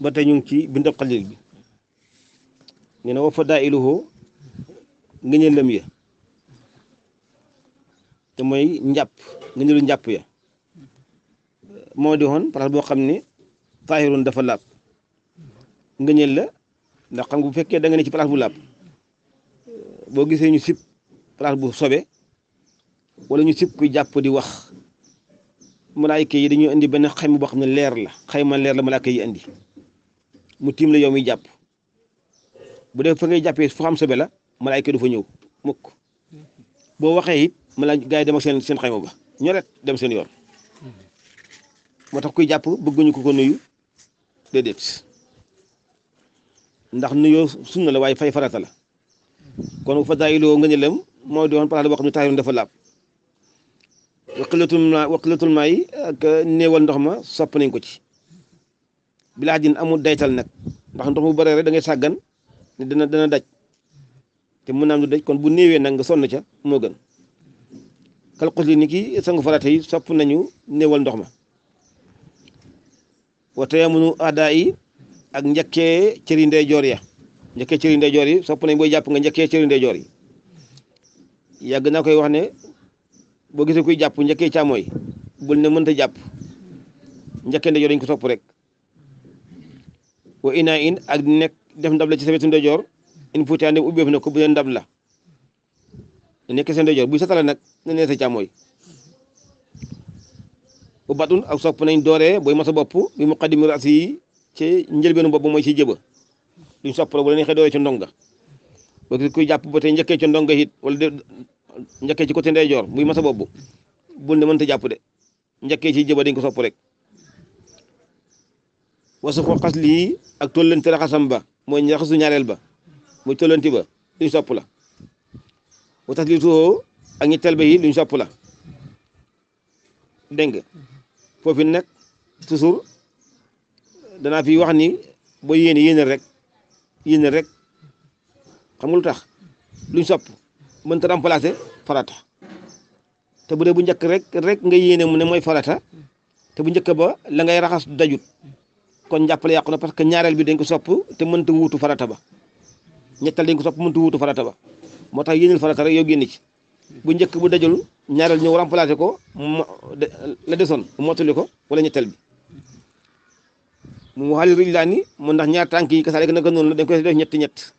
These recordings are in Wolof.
ba tey ñu ngi ci bindab xalil bi nee na wa fadailuhu ngëneelam ya te mooy njàpp ngëneelu njàpp ya moo di woon parce boo xam ne taahirun dafa laab ngëneel la ndax xam nga bu fekkee danga ne ci place bu làpp boo gisee ñu sib place bu sobe walla ñu sib kuy jàpp di wax malaayka yi dañuy indi benn xayma boo xam ne leer la xayma leer la malaayka yi indi mu tiim la yow mi jàpp bu dee fa ngay jàppee fu xam sobe la malaayka du fa ñëw mukk boo waxee it mala gars yi dem ak seen seen xayma ba ñoret dem seen yoon moo tax kuy jàpp bëgguñu ko ko nuyu déedéet ndax nuyoo sunna la waaye fay farata la kon bu fa daayiloo nga ñëlem mooy doon place boo xam ne taayoon dafa laab waqilatul ma waqilatul maay ak euh, néewal ndox ma sopp nañ ko ci bilaa jin amul daytal nag ndax ndox mu bëree rek dangay ngay sàggan ne dana dana daj te mun naam du daj kon bu néewee nag nga sonn ca moo gën kal xusli ni ki sangu farata yi sopp nañu néewal ndox ma wate amunu aada yi ak njëkkee cëri ndeyjoor ya njëkkee cëri ndeyjoor yi sopp nañ booy jàpp nga njëkkee cëri ndeyjoor yi yàgg naa koy wax ne boo gisee koy jàpp njëkkee càmmooy bul ne mënta jàpp njëkkee ndeyjoor dañ ko sopp rek wa inaa in ak nekk def ndab la ci sa wetu ndeyjoor in fuuti ànd ubbeef na ko bu dee ndab la nekk sa ndeyjoor buy satala nag ne nee sa càmmooy bu batun ak sopp nañ dooree booy masa bopp bi mu xadimi raas ci njëlbeenu bopp mooy ci jëba duñ sopp la bu la neexee dooree ci ndonga ba kuy jàpp ba tey njëkkee ci ndonga it wala de njëkkee ci côté ndeyjoor muy masa bopp bul ne mënta jàpp de njëkkee ci jëba dañ ko sopp rek Wasa ko xas ak tollanti raxasam ba mooy raxasu ñaarel ba muy tollanti ba luñ sopp la wa ak ñi telbe yi sopp la deng fofu toujours fi wax ni bo yene yene rek yene rek xam nga lu tax mën ta remplacer farata te bu de bu rek rek nga yene mu ne moy farata te bu njëkk ba la ngay raxas dajut kon jappale yakuna parce que bi dañ ko sopp te mënta wutu farata ba ñettal dañ ko sopp mënta wutu farata ba motax yeenul farata rek yow génn ci bu ñeek bu dajul ñaareel ñu remplacer ko la desoon mottali ko wala ñettal bi mu wal rillani mu ndax ñaar tànk yi kasaale naka non la dañ ko def ñett ñett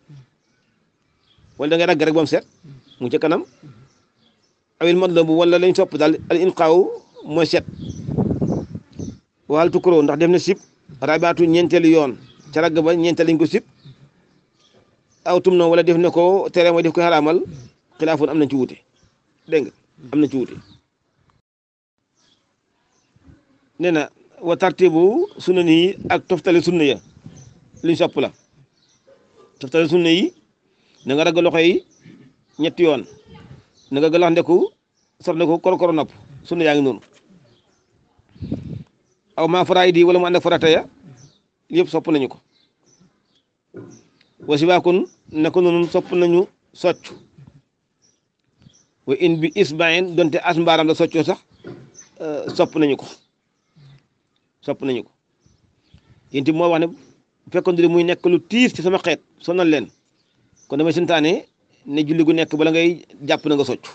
wala da ngay rag rek set mu ci kanam awil madlabu wala lañ sopp dal al inqaaw mo set wal tukuroo ndax dem na sip rabaatu ñeenteelu yoon ca ragg ba lañ ko sib aw tum na def ne ko tere mooy def ko xaraamal xilaafoon am nañ ci wute dégg nga am na ci wute nee na wa tartibu sunna yi ak toftale sunna ya liñ sopp la toftale sunna yi nanga nga ragg loxo yi ñetti yoon nanga nga galax ndeku sor ne ko korokoro nopp sunna yaa ngi noonu aw ma di wala mu ànd ak farata ya yëpp sopp nañu ko wasi waakon nako noonu sopp nañu socc wa in bi isbain donte as mbaaram la soccoo sax euh, sopp nañu ko sopp nañu ko yénti moo wax ne bu fekkoon di muy nekk lu tiis ci sama xeet sonal leen kon damay santaane ne julli nekk bala ngay jàpp na nga socc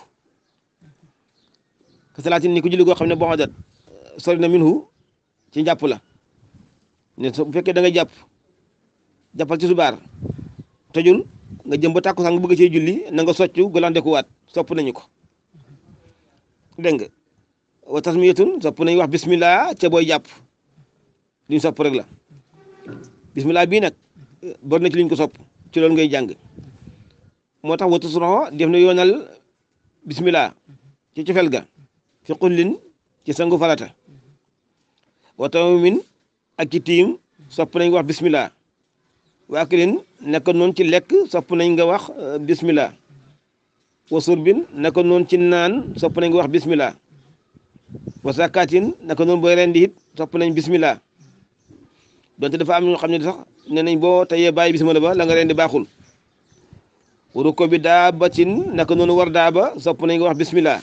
ka salaatin ni ko julli xam ne boo xadat euh, sori na minhu ci njàpp la ne bu fekkee da nga jàpp jàppal ci subaar tojul nga jëm ba tàkkusaan nga bëgg cee julli na nga soccu golandekuwaat sopp nañu ko dégg nga wa tasmiyatun sopp nañu wax bismillah ca booy jàpp li sopp la bismillah bii nag bor na ci liñ ko sopp ci loolu ngay jàng moo tax watu suroxo def na yoonal bismillah ci cofel ga fi xullin ci sangu farata wa min ak ci sopp nañ wax bismillah waa kilin naka noonu ci lek euh, sopp nañ nga wax bismillah wa surbin naka noonu ci nan sopp nañ nga wax bismillah wa sakaatin naka noonu rendi hit sopp nañ bismillah donte dafa am ñu xamni sax ne nañ bismillah ba la nga rendi baxul waru bi war daba sopp nañ nga wax bismillah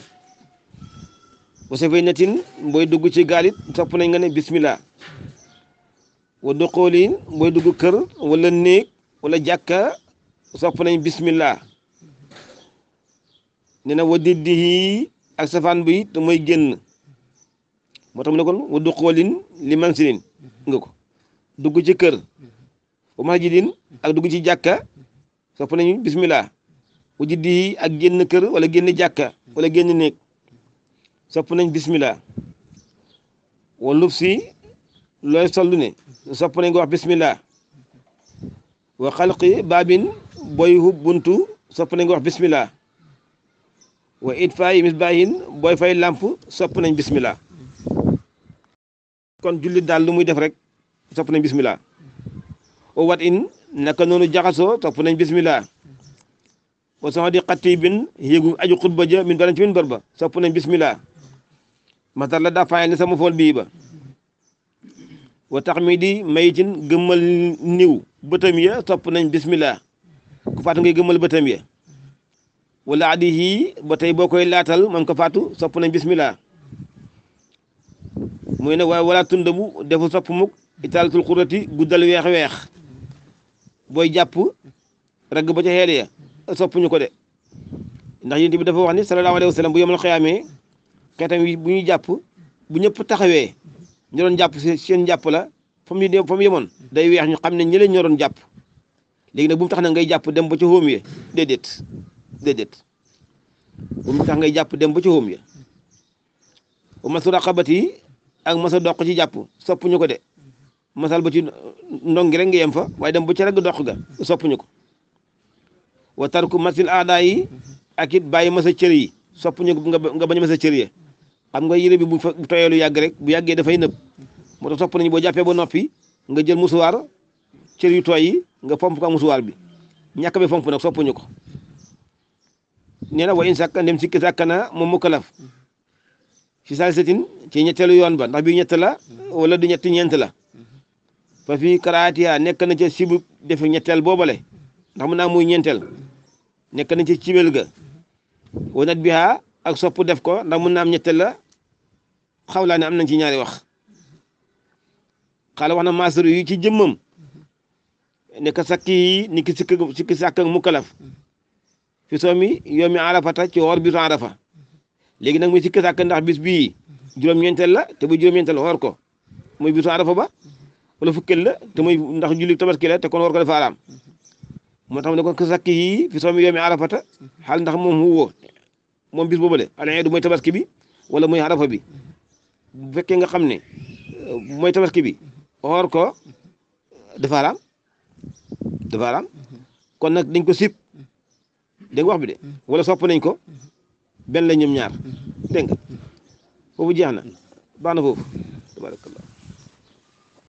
fay safinatin boy dugg ci galit top nañ nga ne bismillah wa duqulin boy dugg kër wala neek wala jakka, top nañ bismillah nena wadidhi ak safan bi to moy genn motam ne kon wa duqulin liman sinin nga ko dugg ci kër wa majidin ak dugg ci jakka top nañ bismillah wa ak genn kër wala genn jakka, wala genn neek sopp nañ bismillah walub si looy sollu ne sopp nañ nga wax bismillah wa xalqi baabin booy buntu sopp nañ nga wax wa it fayi misbaahin booy fay làmp sopp nañ bismillah kon jullit daal lu muy def rek sopp nañ bismillah o wat in naka noonu jaxasoo sopp nañ bismillah wa soxna di xatti bin yéegu aju xutba ja min baran ci min sopp nañ bismillah masar la dafaay ni sama fool bii ba wa tax mi di mayitin gëmmal niw bëtam ya topp nañ bismillah ku faatu ngay gëmmal bëtam ya wala addi yii ba tey boo koy laatal moom ko faatu sopp nañ bismillah muy ne waaye wala tundabu defu sopp mukk itaalatul xurati guddal weex-weex booy jàpp ragg ba ca xeel ya sopp ko de ndax yént bi dafa wax ni sallallahu alayhi wa bu yemal xëyaamee xeetam yi bu ñuy jàpp bu ñëpp taxawé ñu doon japp seen japp la fam ñu dem fam yemoon day wéx ñu xamné ñi leen ñoo doon jàpp léegi nag bu mu tax na ngay japp dem ba ci home ya Dedet, dedet. bu mu tax ngay japp dem ba ci home ya wa masu ak masa doq ci japp sopp ñuko dé masal ba ci ndong rek nga fa way dem bu ci rek doq ga sopp ñuko wa tarku masil adai akit baye masa ceri yi sopp ñu nga bañ masa ceri ya. xam nga yére bi bu fa tooyee yàgg rek bu yàggee dafay nëb moo tax topp nañu boo jàppee ba noppi nga jël musuwaar cër yu tooy nga pomp ko musuwaar bi ñàkk bi fomp nag soppuñu ko nee na wa in sàkk sikki sàkk na moom mu kalaf fi saalisatin ci ñetteelu yoon ba ndax bi ñett la wala du ñetti ñeent la fa fii karaatiya nekk na ca sibu def ñetteel boobale ndax mu naa muy ñeenteel nekk na ca cibel ga wanat biha ak sopp def ko ndax mun naa am ñetteel la xawlaa ne am nañ ci ñaari wax xaala wax na maasar yu ci jëmmam ne ka sakki yi ni ki sikk sikki sàkk ak mukkalaf fi soo mi yow mi arafata ci woor bisu arafa léegi nag muy sikki sàkk ndax bis bii juróom-ñeenteel la te bu juróom-ñeenteel woor ko muy bisu arafa ba wala fukkeel la te muy ndax julli tabaski la te kon woor ko dafa araam moo tax ne ko ka sakki yi fi soo mi arafata xaal ndax moom huwoo moom bis boobule al-iid mooy tabaski bi wala mooy arafa bi bu fekkee nga xam ne euh, mooy tabaski bi xoor ko dafa araam kon nag dañ ko sib dégg wax bi de wala sopp nañ ko benn la ñoom ñaar dégg foofu jeex na baax na foofu